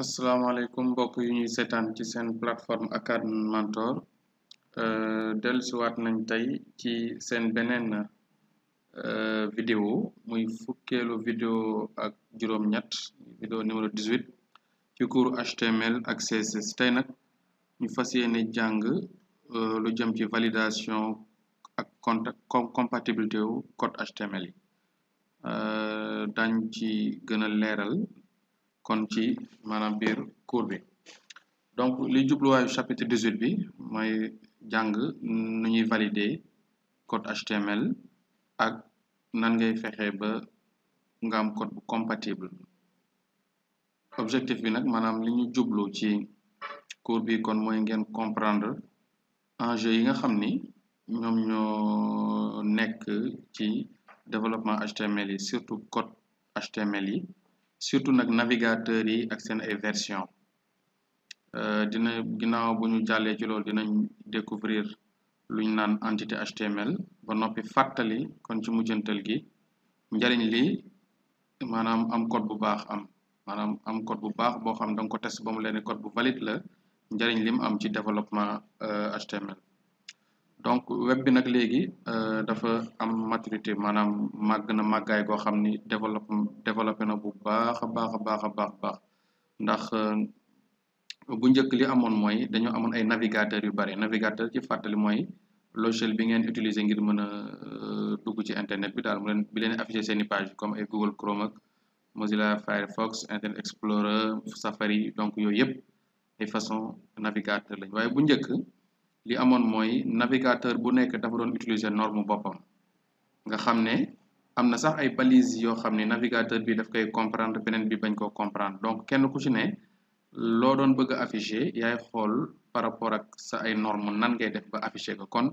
asalaamaaleykum mbokk yu ñuy seetaan ci seen plateforme academy mentor euh, dellusiwaat nañ tey ci seen beneen euh, vidéo muy fukkeelu vidéo ak juróom-ñett vidéo numéro 18 ci cours HTML ak CSS tey nag ñu fas yéene jàng euh, lu jëm ci validation ak contact compatibilité wu code HTML yi dañ ci gën a leeral kon ci maanaam biir cours bi donc li jubluwaayu chapitre 18 bi mooy jàng nu ñuy valider code HTML ak nan ngay fexe ba nga am code bu compatible objectif bi nag maanaam li ñu jublu ci cours bi kon mooy ngeen comprendre enjeu yi nga xam ni ñoom ñoo nekk ci développement HTML yi surtout code HTML yi surtout nag navigateur yi ak seen ay version euh, dina ginnaaw bu ñu jallee ci loolu dinañ découvrir lu ñu naan entité HTML ba noppi fàttali kon ci mujjantal gi njariñ li maanaam am code bu baax am maanaam am code bu baax boo xam da nga ba mu leen code bu valide la njariñ lim am ci développement HTML euh, donc web bi nag léegi euh, dafa am maturité maanaam màgg na màggaay goo xam ni développé développé na bu baax a baax a baax a baax baax ndax euh, bu njëkk li amoon mooy dañoo amoon ay navigateur yu bari navigateur ci fàttali mooy logiciel bi ngeen utiliser ngir mën a euh, dugg ci internet bi daal mu leen bi leen affiché seeni page comme ay Google Chrome ak Mozilla Firefox Internet Explorer Safari donc yooyu yëpp ay façon navigateur lañ waaye bu njëkk li amoon mooy navigateur bu nekk dafa doon utiliser norme boppam nga xam ne am na sax ay balises yoo xam ne navigateur bi daf koy comprendre beneen bi bañ koo comprendre donc kenn ku ci ne loo doon bëgg a afficher yaay xool par rapport ak sa ay norme nan ngay def ba afficher ko kon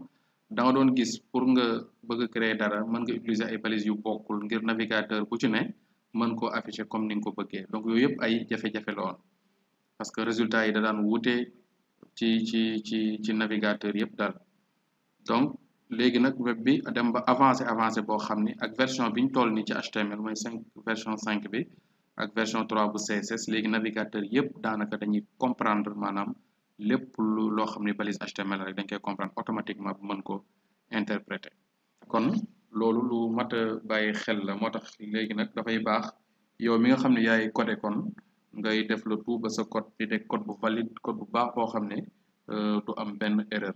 da doon gis pour nga bëgg créer dara mën nga utiliser ay balises yu bokkul ngir navigateur bu ci ne mën ko afficher comme ni nga ko bëggee donc yooyu yëpp ay jafe-jafe la parce ci ci ci ci navigateur yëpp daal donc léegi nag web bi dem ba avancé avancé boo xam ni ak version bi ñu toll nii ci HTML mooy cinq version cinq bi ak version trois bu CSS léegi navigateur yëpp daanaka dañuy comprendre maanaam lépp lu loo xam ni balise HTML rek dañ koy comprendre automatiquement bu mën ko interprété kon loolu lu mat a bàyyi xel la moo tax léegi nag dafay baax yow mi nga xam ne yaay codé kon. ngay def le tout ba sa code bi nekk code bu valide code bu baax boo xam ne tu euh, am benn erreur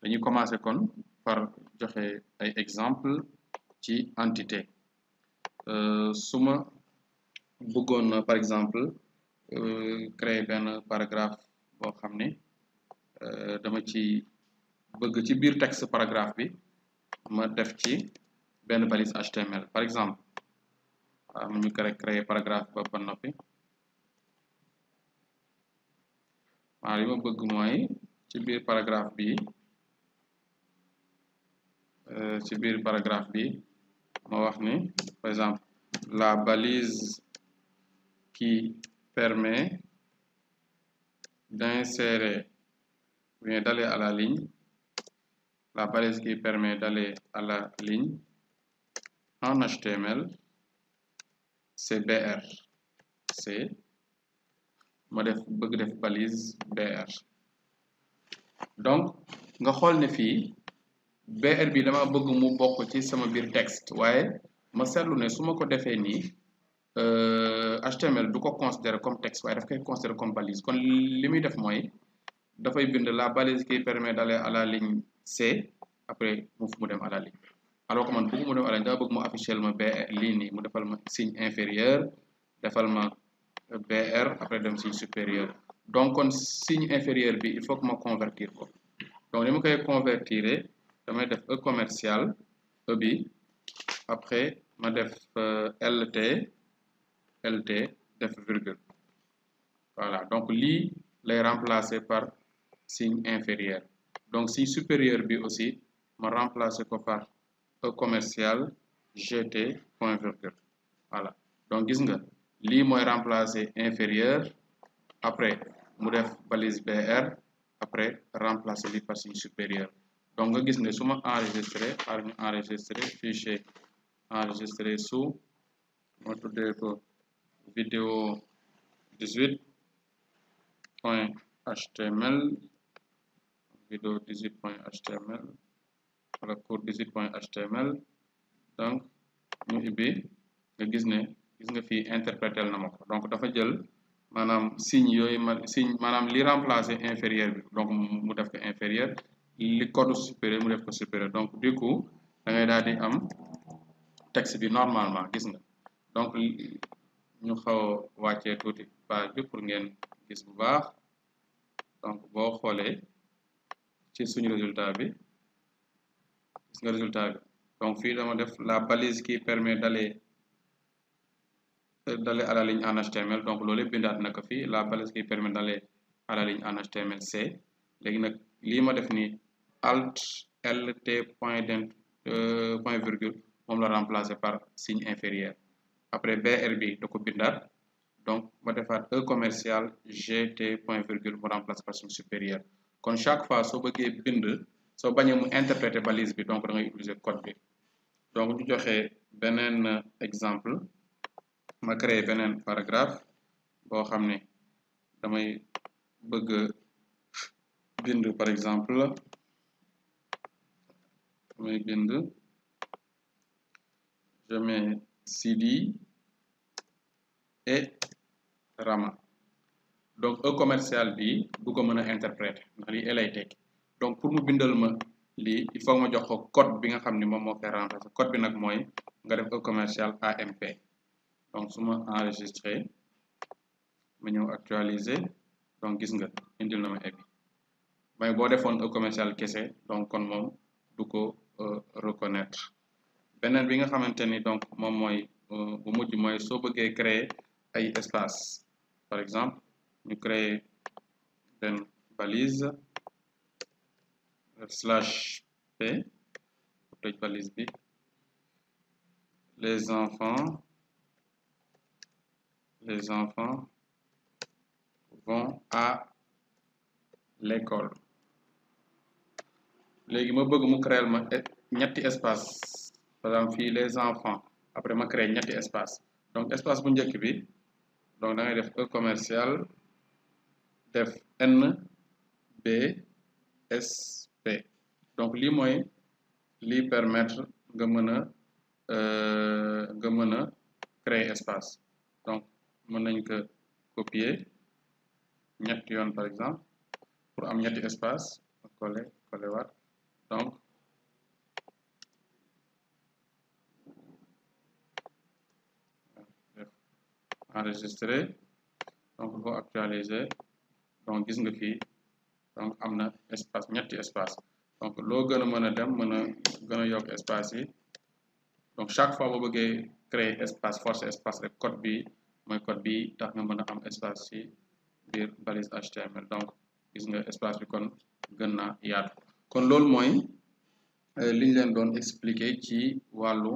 dañuy commencé kon par joxe ay exemple ci entité euh, su ma bëggoon par exemple euh, créer benn paragraphe boo xam ne dama ci bëgg ci biir texte paragraphe bi ma def ci benn balise HTML par exemple waaw mu ñu créer paragraphe ba ba noppi maanaam li bëgg mooy ci biir paragraphe bi euh, ci biir paragraphe bi ma wax ni par exemple la balise qui permet d'insérer ou bien la ligne la balise qui permet d'aller à la ligne en HTML c'est BR c'est ma def bëgg def balise BR donc nga xool ne fii BR bi dama bëgg mu bokk ci sama biir texte waaye ma seetlu ne su ma ko defee nii HTML euh, du ko considérer comme texte waaye daf koy considérer comme balise kon li muy def mooy dafay bind la balise qui permet d'aller à la ligne C après mu fu mu dem à la ligne mu dem à la ligne daa bëgg mu afficher ma BR lii nii mu defal ma signe inférieur defal ma BR e après dem signe supérieur donc kon signe inférieure bi il faut que ma convertir ko donc ni ma koy convertir damay def E commercial E bi après ma def euh, LT LT def virgule donc li lay remplacer par signe inférieur donc signe supérieur bi aussi ma remplacer ko par E commercial GT point virgule voilà donc gis nga lii mooy remplacer inférieur après mu def balise BR après remplacer li par signe supérieur donc nga gis ne su ma enregistré xaar ñu enregistré fichier enregistré sous ma tuddee vidéo html vidéo html wala cours html donc ñu ubbi nga gis ne gis nga fii interpréter na ma ko donc dafa jël maanaam signe yooyu ma signe maanaam li remplacer inférieur bi donc mu def ko inférieur li code supérieur mu def ko supérieur donc du coup da ngay daal di am texte bi normalement gis nga donc ñu xaw a wàccee tuuti page bi pour ngeen gis bu baax donc boo xoolee ci suñu résultat bi gis nga résultat bi donc fii dama def la balise qui permet d'aller d'aller à la ligne donc loolu yëpp bindaat na ko fii la balise qui permet d'aller à la ligne en HTML c léegi nag lii ma def nii alt lt point d euh, point virgule moom la remplacer par signe inférieur après br bi da ko bindaat donc ma defaat e commercial gt point virgule mu remplacer par signe supérieur kon chaque fois soo bëggee bind soo bañee mu interpréter balise bi donc da ngay utiliser code bi donc ñu joxe beneen exemple ma créé beneen paragraphe boo xam ne damay bëgg bind par exemple damay bind je mets Sidi et Rama donc e commercial bi du ko mën a interpréter ndax lii e lay tekki donc pour mu bindal ma lii il faut ma jox ko code bi nga xam ni moom moo koy remplacer code bi nag mooy nga def e commercial AMP donc suma ma enregistré ma actualiser donc gis nga indil na ma egg mais boo defoon e commercial kese donc kon moom du ko e, reconnaître beneen bi nga xamante ni donc moom mooy e, bu mujj moy soo bëggee créer ay espace par exemple ñu créer benn balise slash p tëj balise bi les enfants les enfants vont a l'école léegi ma bëgg mu créel ma e-, ñetti espace par fii les enfants après ma créer ñetti espace donc espace bu njëkk bi donc da def e commercial def n b donc lii mooy li permettre nga mën a euh, nga mën a créer espace mën nañ ko copier ñett yoon par exemple pour am ñetti espace coller coller wat donc euh, enregistré donc boo actualiser donc gis nga fii donc am na espace ñetti espace donc loo gën a mën a dem mën a gën a yokk espace yi donc chaque fois boo bëggee créer espace force espace rek code bi mooy code bi tax na mën a am espace ci biir balise donc gis nga espace bi kon gën na yaatu kon loolu mooy euh, liñ leen doon expliquer ci wàllu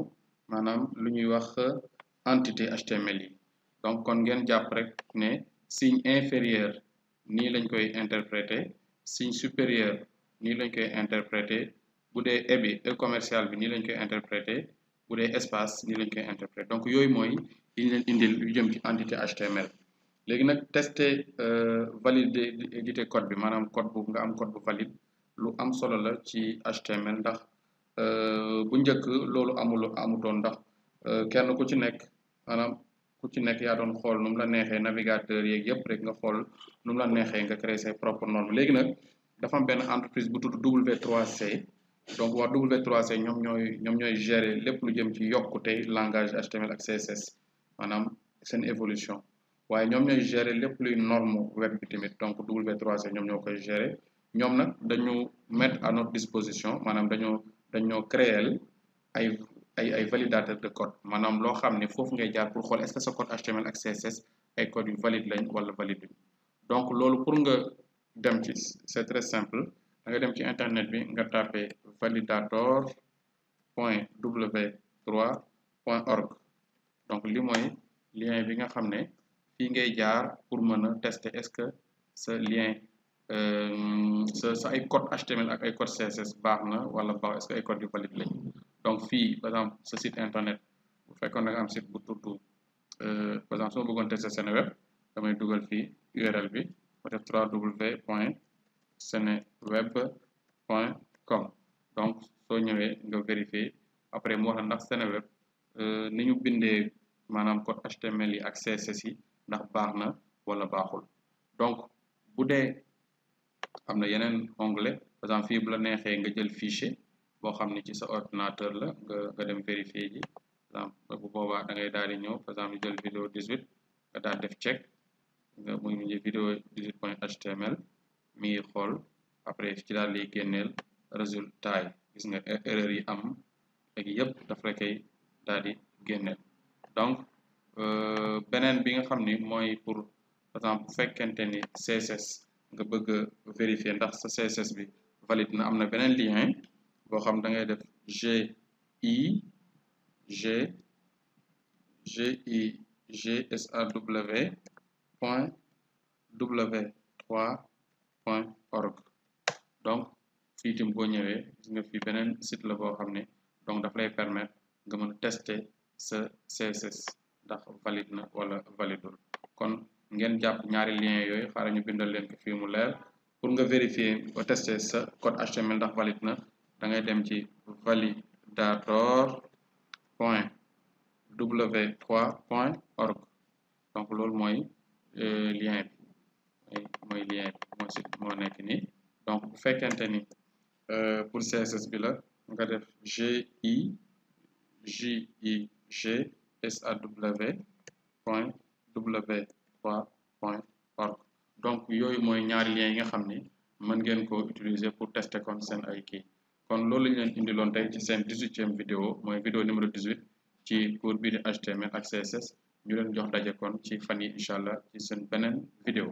maanaam lu ñuy wax euh, entité HTML yi donc kon ngeen jàpp rek ne signe inférieur nii lañ koy interpréter signe supérieur nii lañ koy interpréter bu dee e bi e commercial bi nii lañ koy interpréter bu dee espace ni lañ koy interpréter donc yooyu mooy li ñu leen indil yu jëm ci entité HTML léegi nag tester euh, valider éditer code bi maanaam code bu nga am code bu valide lu am solo la ci HTML ndax euh, bu njëkk loolu amu amul amutoon ndax euh, kenn ku ci nekk maanaam ku ci nekk yaa doon xool nu mu la neexee navigateur yeeg yëpp rek nga xool nu mu la neexee nga créer ses noonu normes léegi nag dafa benn entreprise bu tudd W3C. donc waa W3C ñoom ñooy ñoom ñooy gérer lépp lu jëm ci yokkute langage HTML ak CSS maanaam seen évolution waaye ñoom ñooy gérer lépp luy norme web bi tamit donc W3C ñoom ñoo koy gérer ñoom nag dañu mettre à notre disposition maanaam dañoo dañoo créer ay ay ay validateurs de code maanaam loo xam ne foofu ngay jaar pour xool est-ce que sa code HTML ak CSS ay code yu valide lañ wala valide donc loolu pour nga dem ci c'est très simple nga dem ci internet bi nga tapé validator point w3 point org donc li mooy lien bi nga xam ne fii ngay jaar pour mën a tester est-ce que sa lien euh, sa sa ay code HTML ak ay code CSS baax na wala baax est-ce que ay yu valide lañ donc fii par exemple sa site internet bu fekkoon da am site bu tudd euh, par exemple su ma bëggoon tester web damay dugal fii URL bi def 3w seneweb.com donc soo ñëwee nga vérifier après mu wax la ndax seneweb euh, ni ñu bindee maanaam code HTML yi ak CSS ndax baax na wala baaxul donc bu dee am na yeneen onglet par exemple fii bu la neexee nga jël fichier boo xam ne ci sa ordinateur la nga nga dem vérifier ji par exemple bu boobaa da ngay daal di ñëw par exemple jël vidéo 18 nga daal def check nga muy vidéo 18 point html mi ngi xool après ci daal lay génneel résultat yi gis nga erreur yi am ak yëpp daf la koy daal di génneel donc euh, beneen bi nga xam ni mooy pour par exemple bu fekkente ni CSS nga bëgg a vérifier ndax sa CSS bi valide na am na beneen lien boo xam da ngay def gi g gi gsaw point w point org donc fii itam boo ñëwee gis nga fii beneen site la boo xam ne donc daf lay permettre nga mën tester sa CSS ndax valide na wala validul kon ngeen jàpp ñaari lien yooyu xaaral ñu bindal leen ko fii mu leer pour nga vérifier o tester sa code HTML ndax valide na da ngay dem ci validator point w3 point org donc loolu mooy euh, lien mooy lien bi moo si moo nekk nii donc bu fekkente ni euh, pour CSS bi la nga def gi jig saw point w3 point org donc yooyu mooy ñaari liens yi nga xam ni mën ngeen ko utiliser pour tester kon seen ay kii kon loolu ñu leen indiloon tey ci seen 18e vidéo mooy vidéo numéro 18 ci cours bi di HTML ak CSS ñu leen jox daje kon ci fan yi incha allah ci seen beneen vidéo